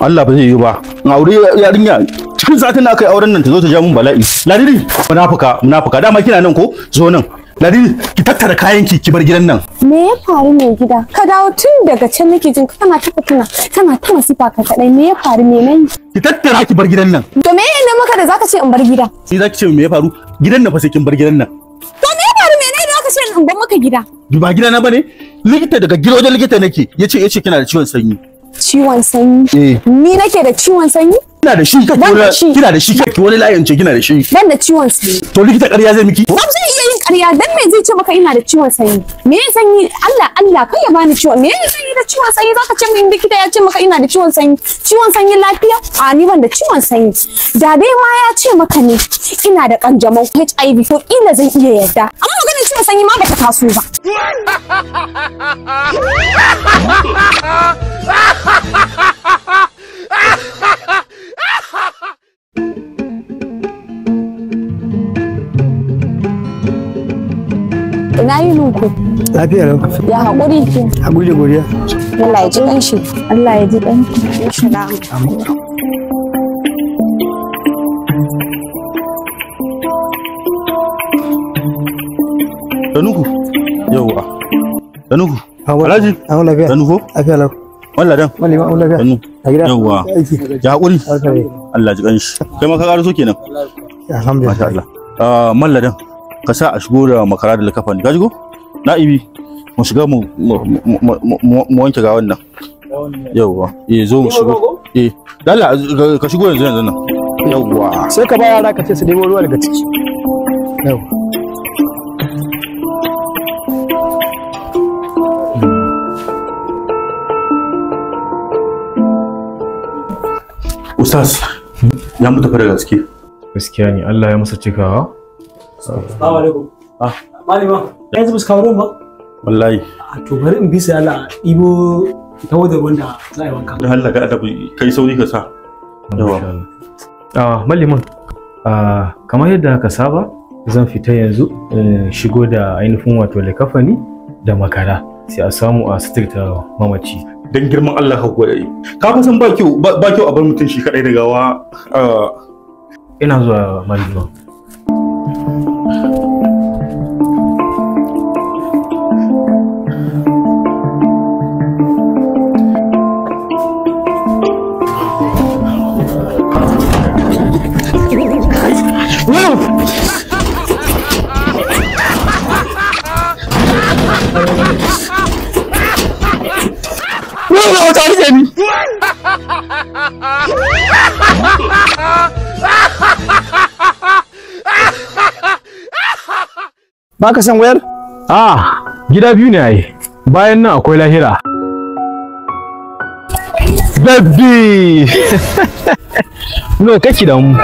Allah ba zai yi ba in aure yarinya cikin satin na kai auren nan ta zo ta ja mun bala'i ladiri munafuka munafuka dama kina nan ko zo nan ladiri ki tattara kayan ki ki bar gidan nan me ya faru ne gida ka dawo tun daga can nake jin kana ta fitina kana ta masifa ka kadai me ya faru ne nan ki tattara ki bar gidan nan to me ne maka da zaka ce in bar gida sai zaki ce me ya faru gidan nan fa sai kin bar gidan nan to me ya faru me ne zaka ce in bar maka gida Duba gida na bane likita daga gidan likita nake yace yace kina da ciwon sanyi ciwon sanyi eh. ni nake da ciwon sanyi kina da shi kake kina da shi kake wani layin ce kina da shi ban da ciwon sanyi to likita ƙarya zai miki ba zai iya yin ƙarya dan me zai ce maka ina da ciwon sanyi me ya sanyi Allah Allah kai ya bani ciwon me ya sanyi da ciwon sanyi zaka ce min likita ya ce maka ina da ciwon sanyi ciwon sanyi lafiya a ni ban da ciwon sanyi da dai ma ya ce maka ne ina da kanjamau HIV to ina zan iya yarda amma wannan ciwon sanyi ma bata taso ba Ina yi nuku? Lafiya lau. Ya haƙuri Haƙuri godiya. Allah ya ji ƙanshi. Allah ya ji ƙanshi. Ya Danuku. Yawwa. Danuku. Alhaji. Danuku. Lafiya lau. Walla dan. Walla ma lafiya. Danu. A gida. Yawwa. Ya haƙuri. Allah ji ƙanshi. Kai ma ka karaso kenan. Alhamdulillah. Masha ah, a shigo da makara da Na'ibi. Mu shiga mu wanke ga wannan. Yawwa. Eh zo mu shigo. Eh. nan. Sai ka ba yara ce su nemo ruwa daga ciki. Yawwa. Ustaz, ya mutu fara gaske. Gaskiya ne, Allah ya masa cikawa. Assalamu alaikum. Ah, malama, yanzu ba su kawo ba? Wallahi. Ah, to bari in bisa sai Allah ibo ta wadar wanda za a yi wanka. Da Allah ga adabi kai sauri ka sa. Yawa. Ah, malamin. Ah, kamar yadda ka saba, zan fita yanzu eh, shigo da ainihin wato likafani da makara sai a samu a sitirta mamaci. dan girman Allah ka gwada yi ka san ba kyau ba a bar mutum shi kadai da gawa ah. ina zuwa Malibu. Ba ka san wayar? A gida biyu ne ai. Bayan nan akwai lahira. Baby! no kake da mu.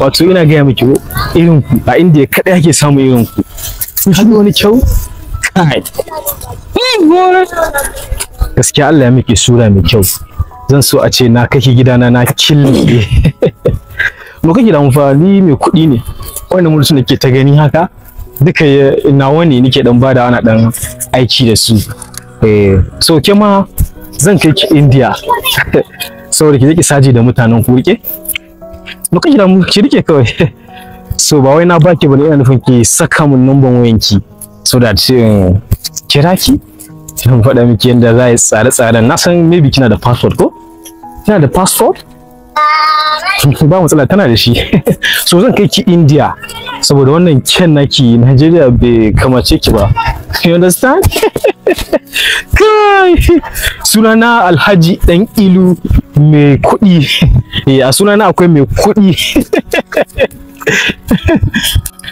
Wato ina gaya miki irin ku a inda kaɗai ake samun irin ku. Kun haɗu wani kyau? Kai. Gaskiya Allah ya miki sura mai kyau. Zan so a ce na kake gidana na kille. Mu kake da mu fa ni mai kuɗi ne. wannan da ke ta gani haka duka na ne nake dan bada ana dan aiki da su eh, so ke ma zan kai ki India saboda ki ki saji da mutanen ku rike kai da mu ki rike kawai so ba wai na baki bane ina nufin ki saka mun numban ki, so da eh, kira ki zan faɗa miki yadda za yi tsare-tsaren na san maybe kina da passport ko kina da passport ba matsala tana da shi so zan kai ki india saboda wannan kyan naki nigeria bai kamace ki ba you understand kai sunana alhaji dan ilu mai kuɗi eh, a sunana akwai mai kuɗi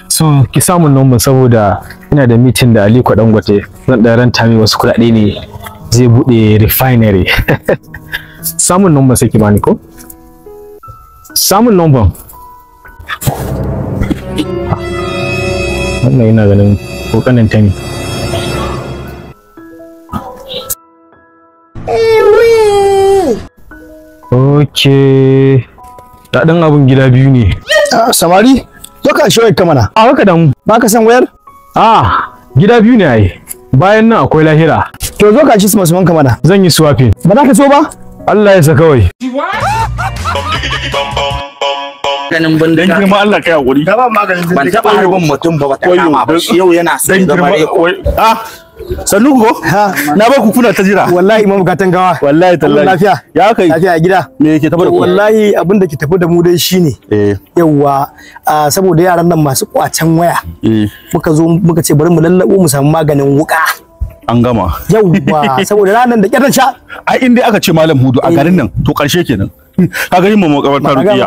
so ki samun nomba saboda ina da mitin da aliko dangote zan ɗaren tami wasu kuɗaɗe ne zai buɗe refinery samun nomba sai ki bani ko samun numban wannan yana ganin ko ta ne Oke, daɗin abin gida biyu ne. Ah, samari, zo ka shi ka mana. A haka damu. Ba ka san wayar? A, gida biyu ne ai. Bayan nan akwai lahira. To zo ka ci su masu mana. Zan yi swapping. Ba za ka so ba? Allah ya sa kawai. ganin bindiga dan girma Allah kai hakuri da ban maganin ban taba harbin mutum ba wata kama ba shi yau yana sai da bare ah sannu ko na ba ku kuna ta jira wallahi imam gatan gawa wallahi tallahi lafiya ya kai lafiya a gida me yake tafi da ku wallahi abinda ke tafi da mu dai shine eh yawa saboda yaran nan masu kwacen waya eh. muka zo muka ce bari mu lallabo mu samu maganin wuka an gama yauwa saboda ranar da kyar sha A inda aka ce malam hudu a garin nan to karshe kenan ka ga yin mu makabarta rukiya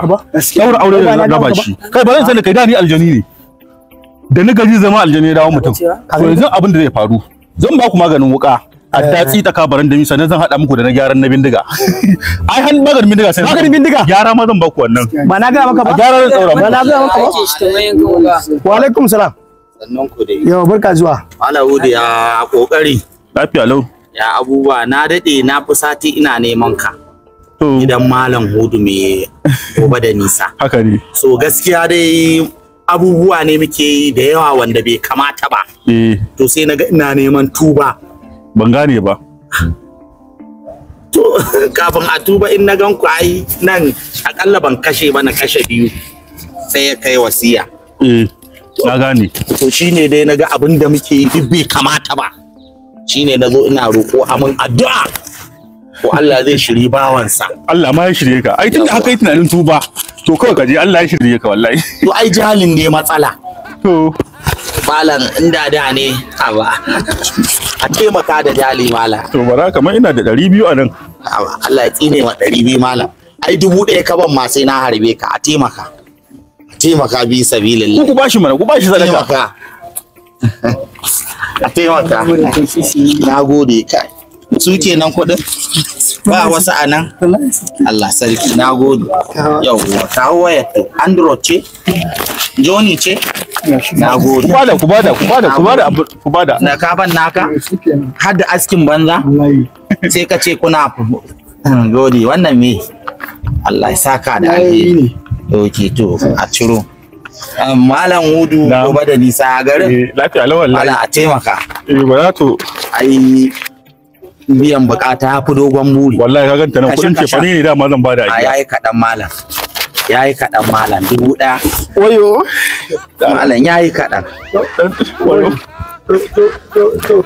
daura aure da raba shi kai ba zan sani kai da ni aljani ne da ni gaji zama aljani ya dawo mutum to yanzu abin da zai faru zan ba ku maganin wuka a datsi eh. ka baran da misa zan hada muku da na gyaran na bindiga ai han maganin bindiga sai maganin bindiga gyara ma zan ba ku wannan ba na ga maka ba gyara zan tsaura ba na ga maka ba wa alaikum salam sannan ku dai yau barka zuwa ala wudi ya kokari lafiya lau ya abubuwa na dade na fi sati ina neman ka gidan malam hudu mai gobe da nisa haka ne so gaskiya dai abubuwa ne muke yi da yawa wanda bai kamata ba eh. to sai na ina neman tuba ban gane ba to kafin a tuba in na gan ku ai nan akalla ban kashe ba na kashe biyu sai ya kai wasiya eh, na gane to shine dai naga abin da muke yi bai kamata ba shine nazo ina roko amin addu'a ko Allah zai shiri bawansa Allah ma ya shirye ka ai tunda haka yi tunanin tuba to kawai ka je Allah ya shirye ka wallahi to ai jahalin ne matsala to malam inda da ne a ba a taimaka da jali malam to bara kamar ina da ɗari biyu a nan Allah ya tsine ma ɗari biyu malam ai dubu ɗaya ka ban ma sai na harbe ka a taimaka a taimaka bi sabilillah ku shi mana ku bashi sadaka a taimaka na gode kai su ke nan kuɗin ba wasu a nan Allah sarki na gode yawwa kawo wayar android ce joni ce na gode ku bada ku bada ku bada ku bada ku bada na kaban naka har da askin banza sai ka ce kuna hmm, gode wannan me Allah ya saka da alheri ok to a ciro um, Malam Hudu gobe da nisa a garin. Eh, lafiya lawan Ala a taimaka. Eh ba za to. Ai biyan bukata ya fi dogon buri wallahi ka ganta nan kudin ce ne dama zan bada ajiya ah, yayi kadan malam yayi kadan malam dubu daya wayo malam yayi kadan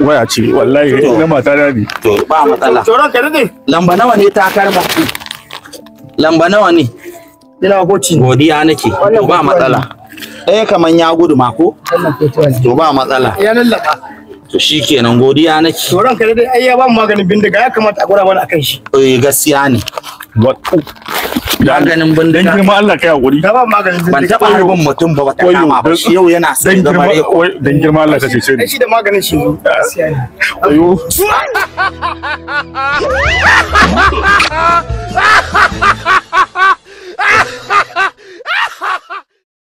waya ce wallahi na mata na bi to ba matsala tsoron ka dade lamba nawa ne ta karba. lamba nawa ne ina goci godiya nake ba matsala ɗaya kaman ya gudu ma ko to ba matsala ya lallaba to shi kenan godiya nake to ranka dai ai ya ba mu maganin bindiga ya kamata a gura mana akan shi eh gaskiya ne maganin bindiga dan girma Allah kai hakuri da ba maganin bindiga ban taba harbin mutum ba wata kama ba shi yau yana sai da bare dan girma Allah ka cece ni shi da maganin shi ah. gaskiya ne ayo